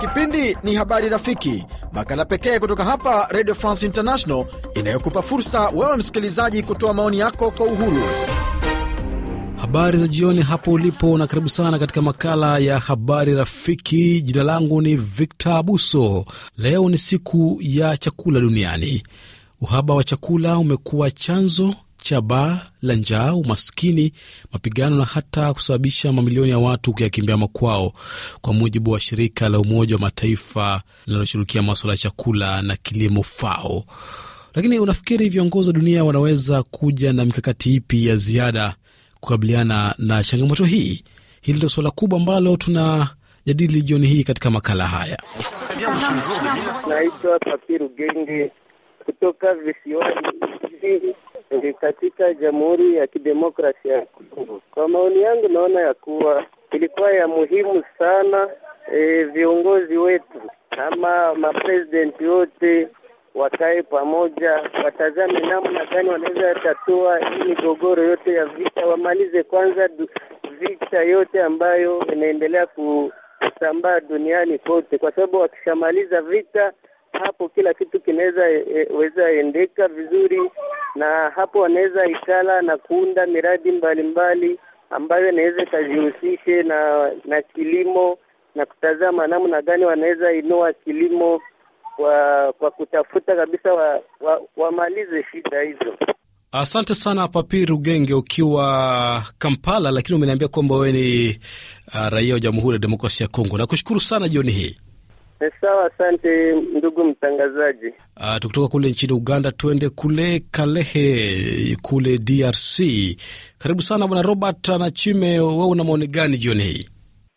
Kipindi ni Habari Rafiki, makala pekee kutoka hapa Radio France International inayokupa fursa wewe msikilizaji kutoa maoni yako kwa uhuru. Habari za jioni hapo ulipo, na karibu sana katika makala ya habari rafiki. Jina langu ni victo Abuso. Leo ni siku ya chakula duniani. Uhaba wa chakula umekuwa chanzo cha baa la njaa, umaskini, mapigano na hata kusababisha mamilioni ya watu kuyakimbia makwao, kwa mujibu wa shirika la Umoja wa Mataifa linaloshughulikia maswala ya chakula na kilimo FAO. Lakini unafikiri viongozi wa dunia wanaweza kuja na mikakati ipi ya ziada kukabiliana na changamoto hii? Hili ndio suala kubwa ambalo tunajadili jioni hii katika makala haya. Naitwa Papiru Genge kutoka visiwani e, katika Jamhuri ya Kidemokrasia ya Kongo. Kwa maoni yangu, naona ya kuwa ilikuwa ya muhimu sana e, viongozi wetu ama mapresidenti wote wakae pamoja, watazame namna gani wanaweza tatua hii migogoro yote ya vita, wamalize kwanza du, vita yote ambayo inaendelea kusambaa duniani kote, kwa sababu wakishamaliza vita hapo kila kitu kinaweza e, e, weza endeka vizuri, na hapo wanaweza ikala na kuunda miradi mbalimbali mbali, ambayo inaweza ikajihusishe na na kilimo na kutazama namna gani wanaweza inua kilimo kwa kwa kutafuta kabisa wa, wa, wamalize shida hizo. Asante sana Papi Rugenge ukiwa Kampala, lakini umeniambia kwamba wewe ni uh, raia wa Jamhuri ya Demokrasia ya Kongo. Nakushukuru sana jioni hii. Eh, sawa, asante ndugu mtangazaji. Uh, tukitoka kule nchini Uganda tuende kule Kalehe kule DRC. Karibu sana bwana Robert Nachime, wewe una maoni gani jioni hii?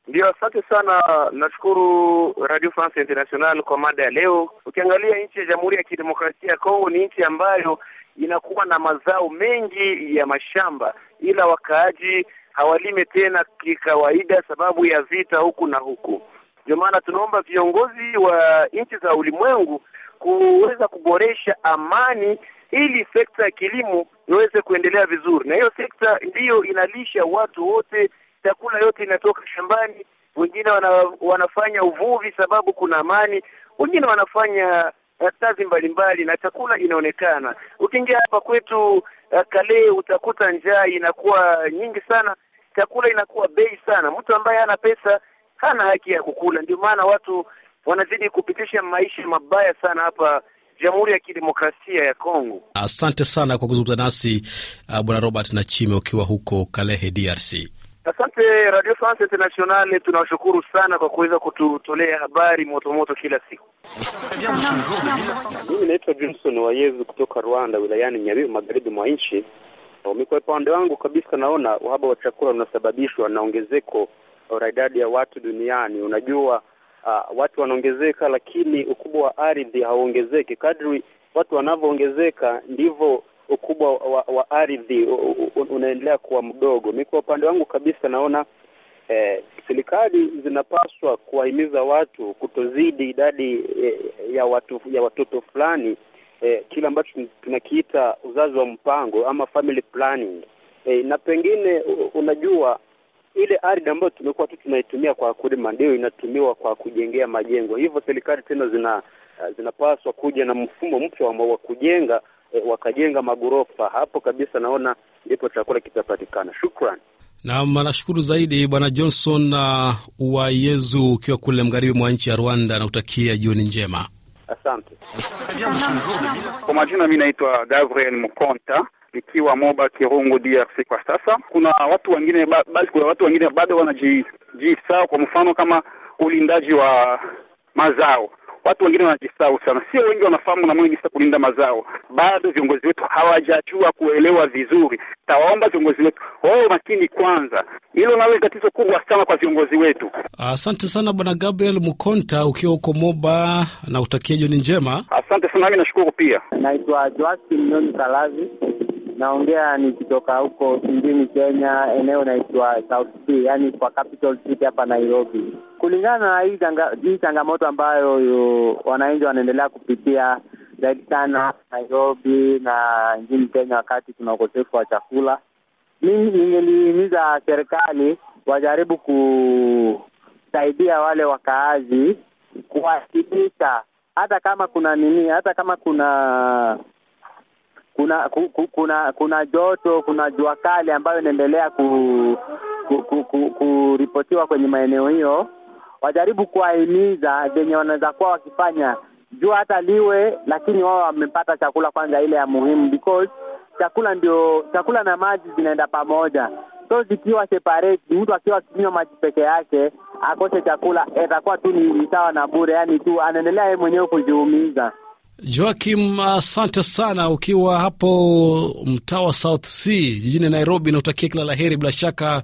Ndio, asante sana. Nashukuru Radio France International kwa mada ya leo. Ukiangalia nchi ya Jamhuri ya Kidemokrasia ya Kongo ni nchi ambayo inakuwa na mazao mengi ya mashamba, ila wakaaji hawalime tena kikawaida sababu ya vita huku na huku ndio maana tunaomba viongozi wa nchi za ulimwengu kuweza kuboresha amani ili sekta ya kilimo iweze kuendelea vizuri, na hiyo sekta ndiyo inalisha watu wote, chakula yote inatoka shambani. Wengine wana, wanafanya uvuvi sababu kuna amani, wengine wanafanya eh, kazi mbalimbali na chakula inaonekana. Ukiingia hapa kwetu kalee eh, Kale utakuta njaa inakuwa nyingi sana, chakula inakuwa bei sana. Mtu ambaye hana pesa hana haki ya kukula. Ndio maana watu wanazidi kupitisha maisha mabaya sana hapa Jamhuri ya Kidemokrasia ya Kongo. Asante sana kwa kuzungumza nasi uh, Bwana Robert Nachime ukiwa huko Kalehe, DRC. Asante Radio France Internationale, tunawashukuru sana kwa kuweza kututolea habari motomoto kila siku. Mimi naitwa Johnson Wayezu kutoka Rwanda, wilayani Nyabibu, magharibi mwa nchi. Kwa upande wangu kabisa, naona uhaba wa chakula unasababishwa na ongezeko na uh, idadi ya watu duniani. Unajua uh, watu wanaongezeka, lakini ukubwa wa ardhi hauongezeki. Kadri watu wanavyoongezeka ndivyo ukubwa wa, wa ardhi unaendelea kuwa mdogo. Mi kwa upande wangu kabisa naona eh, serikali zinapaswa kuwahimiza watu kutozidi idadi eh, ya watu ya watoto fulani eh, kile ambacho tunakiita uzazi wa mpango ama family planning eh, na pengine unajua ile ardhi ambayo tumekuwa tu tunaitumia kwa kulima ndio inatumiwa kwa kujengea majengo. Hivyo serikali tena zina eh, zinapaswa kuja na mfumo mpya wa kujenga e, wakajenga magorofa hapo kabisa, naona ndipo chakula kitapatikana. Shukrani. Naam, nashukuru zaidi Bwana Johnson uh, Uwayezu, ukiwa kule magharibi mwa nchi ya Rwanda, nautakia jioni njema, asante. Kwa majina mi naitwa Gabriel Mkonta ikiwa Moba Kirungu DRC kwa sasa. Kuna watu wengine basi, kuna watu wengine bado wanajisahau, kwa mfano kama ulindaji wa mazao watu wengine wanajisahau sana, sio wengi wanafahamu na mwengi sasa kulinda mazao. Bado viongozi wetu hawajajua kuelewa vizuri. Tawaomba viongozi wetu wawe makini kwanza, hilo nalo ni tatizo kubwa sana kwa viongozi wetu. Asante sana Bwana Gabriel Mkonta, ukiwa huko Moba na utakia jioni njema. Asante sana, nami nashukuru pia. Naitwa Joasi Mnyoni Kalazi Naongea nikitoka huko nchini Kenya, eneo naitwa South C, yani kwa capital city hapa Nairobi. Kulingana na hii hii changamoto ambayo wananchi wanaendelea kupitia zaidi sana Nairobi na nchini Kenya, wakati kuna ukosefu wa chakula, mimi ningelihimiza serikali wajaribu kusaidia wale wakaazi kuwasilisha, hata kama kuna nini, hata kama kuna kuna ku, kuna kuna joto, kuna jua kali ambayo inaendelea kuripotiwa ku, ku, ku, kwenye maeneo hiyo, wajaribu kuwahimiza zenye wanaweza kuwa wakifanya jua hata liwe, lakini wao wamepata chakula kwanza, ile ya muhimu, because chakula ndio chakula na maji zinaenda pamoja. So zikiwa separate, mtu akiwa akinywa maji peke yake akose chakula, itakuwa tu ni sawa na bure, yani tu anaendelea yeye mwenyewe kujiumiza. Joakim, asante sana ukiwa hapo mtaa wa South C jijini Nairobi, nautakia kila la heri bila shaka.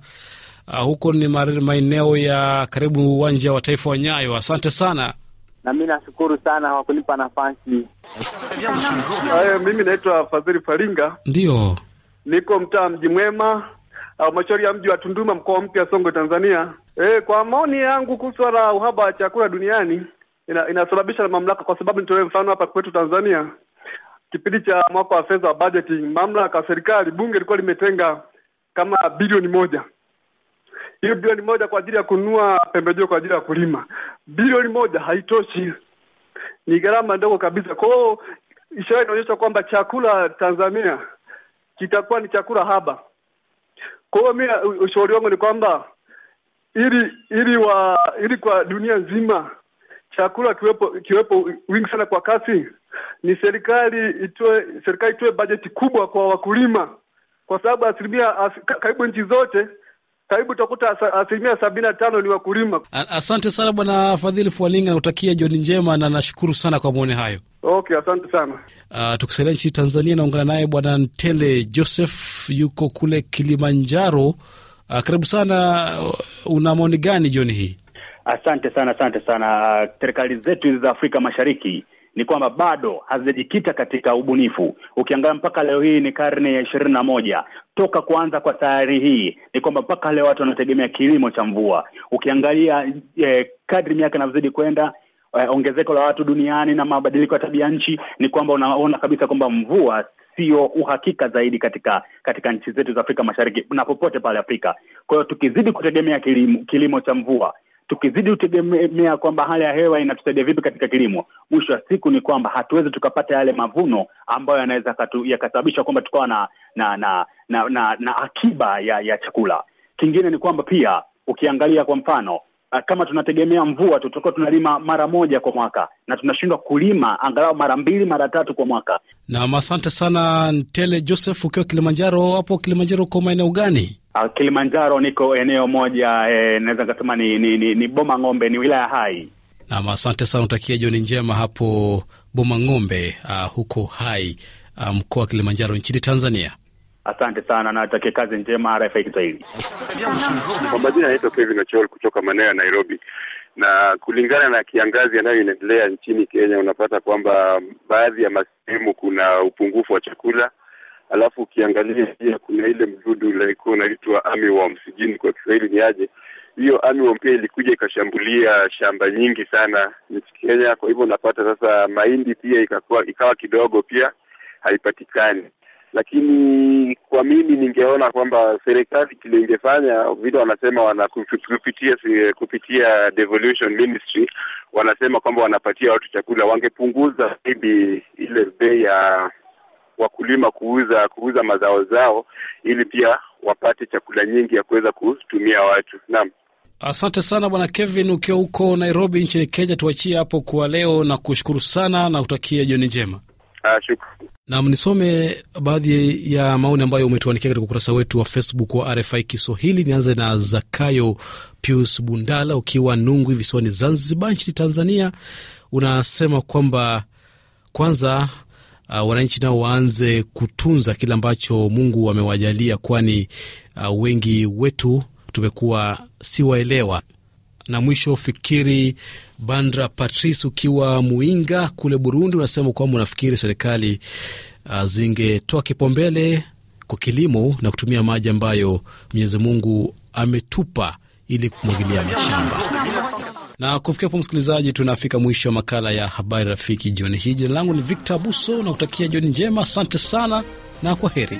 Uh, huko ni maeneo ya karibu uwanja wa taifa wa Nyayo. Asante sana na mi nashukuru sana kwa kunipa nafasi. Mimi naitwa Fadhili Faringa, ndio niko mtaa mji mwema halmashauri ya mji wa Tunduma, mkoa mpya Songwe, Tanzania. E, kwa maoni yangu kuhusu swala uhaba wa chakula duniani ina, inasababisha na mamlaka, kwa sababu nitoe mfano hapa kwetu Tanzania, kipindi cha mwaka wa fedha wa bajeti, mamlaka serikali, bunge ilikuwa limetenga kama bilioni moja hiyo bilioni moja kwa ajili ya kununua pembejeo kwa ajili ya kulima. Bilioni moja haitoshi, ni gharama ndogo kabisa. Kwa hiyo ishara inaonyesha kwamba chakula Tanzania kitakuwa ni chakula haba. Kwa hiyo mimi ushauri wangu ni kwamba ili ili wa ili kwa dunia nzima chakula kiwepo, kiwepo wingi sana kwa kasi, ni serikali itoe serikali itoe bajeti kubwa kwa wakulima, kwa sababu asilimia as, karibu nchi zote karibu utakuta asilimia sabini na tano ni wakulima. Asante sana Bwana Fadhili Fualinga, nakutakia jioni njema na nashukuru sana kwa maoni hayo. Okay, asante sana. Uh, tukisalia nchini Tanzania, naungana naye Bwana Ntele Joseph, yuko kule Kilimanjaro. Uh, karibu sana. Una maoni gani jioni hii? Asante sana, asante sana. Serikali zetu hizi za Afrika Mashariki ni kwamba bado hazijajikita katika ubunifu. Ukiangalia mpaka leo hii ni karne ya ishirini na moja toka kuanza kwa sayari hii ni kwamba mpaka leo watu wanategemea kilimo cha mvua. Ukiangalia eh, kadri miaka inavyozidi kwenda eh, ongezeko la watu duniani na mabadiliko ya tabia nchi, ni kwamba unaona kabisa kwamba mvua sio uhakika zaidi katika katika nchi zetu za Afrika Mashariki na popote pale Afrika. Kwa hiyo tukizidi kutegemea kilimo, kilimo cha mvua tukizidi kutegemea kwamba hali ya hewa inatusaidia vipi katika kilimo, mwisho wa siku ni kwamba hatuwezi tukapata yale mavuno ambayo yanaweza yakasababisha kwamba tukawa na na na, na na na akiba ya ya chakula. Kingine ni kwamba pia ukiangalia kwa mfano Ah, kama tunategemea mvua tu, tutakuwa tunalima mara moja kwa mwaka na tunashindwa kulima angalau mara mbili mara tatu kwa mwaka. Nam, asante sana Ntele Joseph, ukiwa Kilimanjaro. Hapo Kilimanjaro uko maeneo gani? Uh, Kilimanjaro niko eneo moja eh, naweza nikasema ni, ni, ni, ni Boma Ng'ombe, ni wilaya Hai. Nam, asante sana, utakia jioni njema hapo Boma Ng'ombe, uh, huko Hai, mkoa um, wa Kilimanjaro nchini Tanzania. Asante sana na natakia kazi njema RFI Kiswahili. Kwa majina anaitwa Kevin Ochol kutoka maeneo ya Nairobi, na kulingana na kiangazi yanayo inaendelea nchini Kenya, unapata kwamba baadhi ya masehemu kuna upungufu wa chakula, alafu ukiangalia pia kuna ile mdudu ulikuwa unaitwa armyworm, sijui kwa Kiswahili ni aje hiyo armyworm pia ilikuja ikashambulia shamba nyingi sana nchi Kenya. Kwa hivyo unapata sasa mahindi pia ikakuwa ikawa kidogo pia haipatikani lakini kwa mimi ningeona kwamba serikali kile ingefanya vile wanasema wana kupitia kupitia devolution ministry wanasema kwamba wanapatia watu chakula, wangepunguza maybe ile bei ya wakulima kuuza kuuza mazao zao, ili pia wapate chakula nyingi ya kuweza kutumia watu. Naam. Asante sana Bwana Kevin, ukiwa huko Nairobi nchini Kenya. Tuachie hapo kwa leo na kushukuru sana na kutakia jioni njema. Ah, nam nisome baadhi ya maoni ambayo umetuandikia katika ukurasa wetu wa Facebook wa RFI Kiswahili. Nianze na Zakayo Pius Bundala, ukiwa Nungwi visiwani Zanzibar nchini Tanzania, unasema kwamba kwanza Uh, wananchi nao waanze kutunza kile ambacho Mungu amewajalia, kwani uh, wengi wetu tumekuwa siwaelewa. Na mwisho fikiri Bandra Patrice, ukiwa Muinga kule Burundi, unasema kwamba unafikiri serikali uh, zingetoa kipaumbele kwa kilimo na kutumia maji ambayo Mwenyezi Mungu ametupa ili kumwagilia mashamba. Na kufikia po msikilizaji, tunafika mwisho wa makala ya habari rafiki jioni hii. Jina langu ni Victor Abuso na kutakia jioni njema. Asante sana na kwa heri.